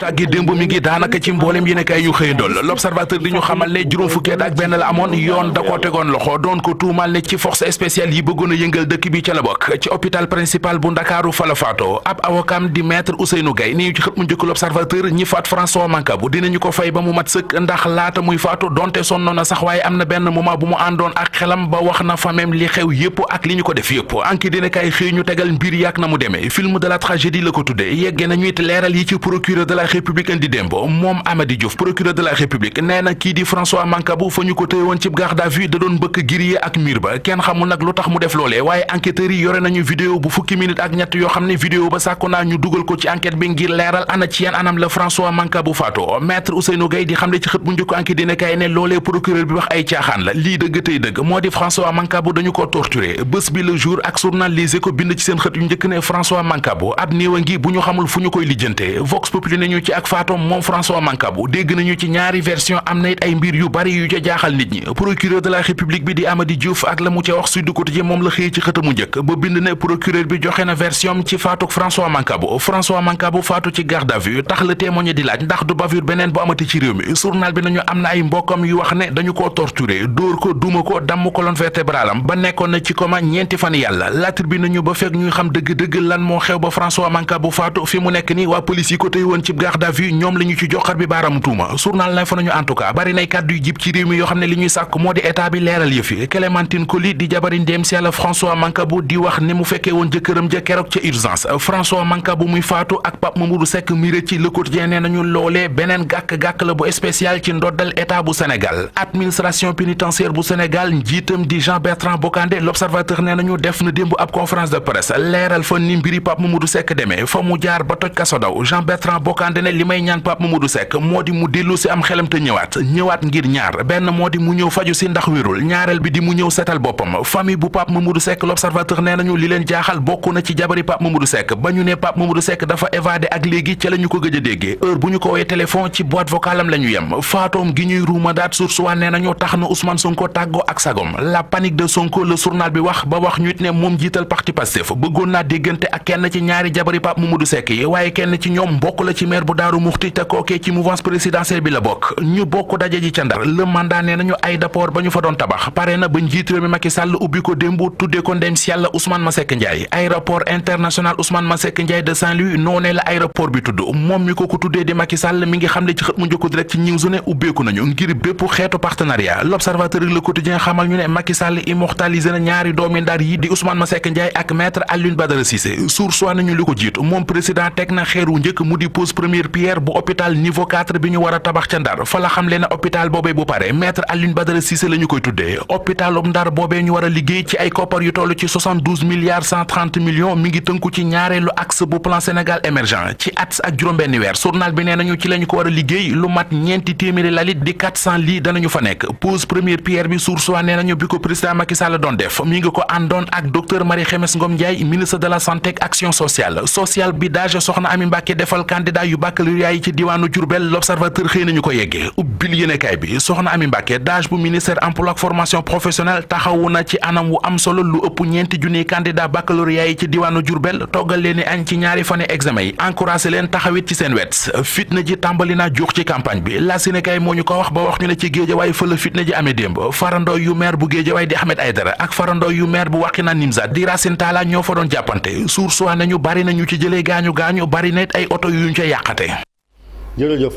tàggi démb mi ngi daanaka ci mboolem yi nekk ay ñu xëyandool l'observateur di ñu xamal ne juróom fukki at ak benn la amoon yoon da koo tegoon loxo doon ko tuumal ne ci force spéciale yi bëggoon a yëngal dëkk bi ca la bokk ci hôpital principal bu ndakaaru fa la faatoo ab awakam di maître Ousseynou Gaye ni xët mu njëkk l'observateur ñi faat François Mancabou dinañu ko fay ba mu mat sëkk ndax laata muy faatu donte sonnoon na sax waaye am na benn moment bu mu àndoon ak ba wax na fa même li xew yëpp ak li ñu ko def yëpp anki dina kay xëy ñu tegal mbir yàq na mu demee film de la tragédie la ko procureur de la république indi démb moom Amady Diouf procureur de la république nee na kii di François Mancabou fa ñu ko téye woon ci garde à vue da doon mbëkk grillé ak mur ba kenn xamul nag lu tax mu def loolee waaye enquêteurs yore nañu vidéo bu fukki minute ak ñett yoo xam ne vidéo ba sàkku naa ñu dugal ko ci enquête bi ngir leeral ana ci yan anam la François Mancabou faatoo maître Ousseynou Gueye di xam ne ci xët bu njëkk enquête dina vox populi nañu ci ak faatoom moom François Mancabou dégg nañu ci ñaari version am na it ay mbir yu bari yu ca jaaxal nit ñi procureur de la république bi di Amady Diouf ak la mu ca wax Sud Quotidien moom la xëy ci xëtamu njëkk ba bind ne procureur bi joxe na version ci faatuk François Mancabou François Mancabou faatu ci garde à vue tax la témoigné di laaj ndax du bavure beneen bu amati ci réew mi journal bi nañu am na ay mbokkam yu wax ne dañu ko duma téye woon ci garde à vue ñoom la ñu ci joxar bi baaraam tuuma journal na fa nañu en tout cas bari nay kàddu yu jib ci réew mi yoo xam ne li ñuy sàkk moo di état bi leeral yëf yi Clémentine Coly di jabari ndéem si yàlla François Mancabou di wax ni mu fekkee woon jëkkëram ja keroog ca urgence François Mancabou muy faatu ak Pape Mamadou Seck mi rëcc ci Le Quotidien nañu loolee beneen gàkk-gàkk la bu spécial ci ndoddal état bu Sénégal administration pénitentiaire bu def na démb ab conférence de presse leeral fa ni mbiri Pape Mamadou Seck demee fa mu jaar ba toj kaso daw franc bokkaande ne li may ñaan Pape Mamadou Seck moo di mu dellu si am xelam ñëwaat ñëwaat ngir ñaar benn moo di mu ñëw faju si ndax wérul ñaareel bi di mu ñëw setal boppam famille bu Pape Mamadou Seck l'observateur nee nañu li leen jaaxal bokk na ci jabari Pape Mamadou Seck ba ñu ne Pape Mamadou Seck dafa évadé ak léegi ca la ko gëj a déggee bu ñu ko woowee téléphone ci boîte vocale am la ñu yem faatoom gi ñuy ruumandaat source waa nañu tax na Ousmane Sonko tàggoo ak sagom la panique de bi wax ba wax ñu moom jiital parti Pastef bëggoon naa déggante ak kenn ci ñaari jabari Pape Mamadou Seck yi waaye kenn ci ñoom mbokk bokk la ci maire bu daaru muxti te kookee ci mouvance présidentielle bi la bokk ñu bokk daje ji ca ndar le mandat nee nañu aéroport ba ñu fa doon tabax pare na ba njiit réew mi Macky Sall ubbi ko démb tuddee ko ndem si yàlla Ousmane Masseck Ndiaye aéroport international Ousmane Masseck Ndiaye de Saint-Louis noonee la bi tudd moom mi ko ko tuddee di Macky Sall mi ngi xam ne ci xët mu njëkk direct ci ñiw su ne ubbeeku nañu ngir bépp xeetu partenariat pose première pierre bu hôpital niveau 4 bi ñu war a tabax ca ndar fa la xam le hôpital boobee bu pare maître Alioune Badara Cissé la koy tuddee hôpitalum ndar boobee ñu war liggéey ci ay koppar yu toll ci milliards millions mi ngi tënku ci ñaareelu axe bu plan Sénégal émergent ci at ak juróom-benn weer journal bi nee nañu ci la ko war liggéey lu mat ñeenti téeméeri lalit di 400 lii danañu fa nekk pose première pierre bi source wa nee bi candidat yu baccalauréat yi ci diwaanu Diourbel l'observateur xëy nañu ko yeggee ubbil yéenekaay bi soxna Ami Mbàkke daaj bu ministère emploi formation professionnelle taxawu na ci anam wu am solo lu ëpp ñeenti junniy candidat baccalauréat yi ci diwaanu Diourbel toggal leen añ ci ñaari fane examen yi encouragé leen taxawit ci seen wet fitna ji tàmbali juux ci campagne bi la Sénégal moo ñu ko wax ba wax ñu ne ci géejawaay fële fitna ji amee démb farandoo duñ ca yàqate. jërëjëf.